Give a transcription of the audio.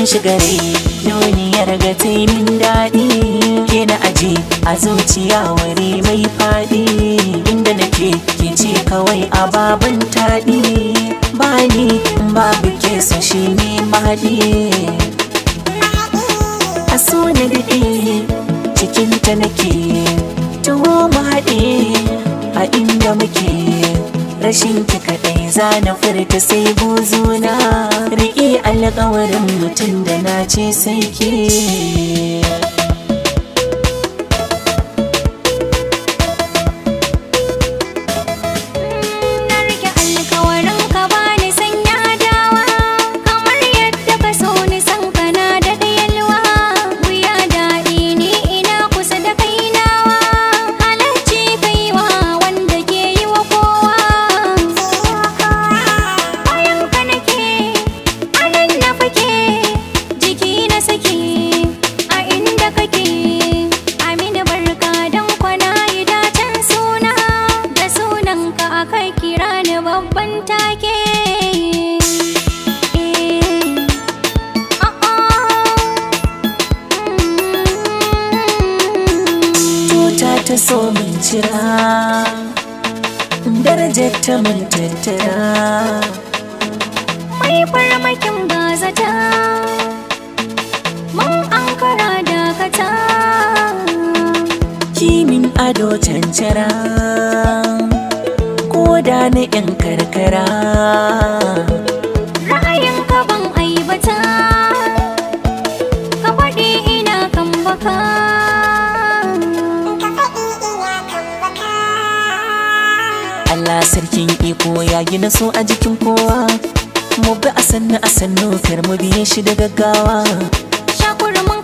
kin shigari duniyar ga taimin daɗi ke na aji a zuciya wari mai faɗi inda nake ke ce kawai a baban taɗi bani babu su shi ne maɗi a so na cikin ta nake tuwo maɗe a inda muke rashin ki kaɗai na furta sai buzuna alƙawarin mutum da na ce sai ke ta so min cira darajar ta min tattara mai farmakin bazata mun ankara dakata kimin ado cancara ko da na 'yan karkara Allah sarkin iko ya gina so a jikin kowa mu bi a sannu a sannu kar biye shi da gaggawa shakurumin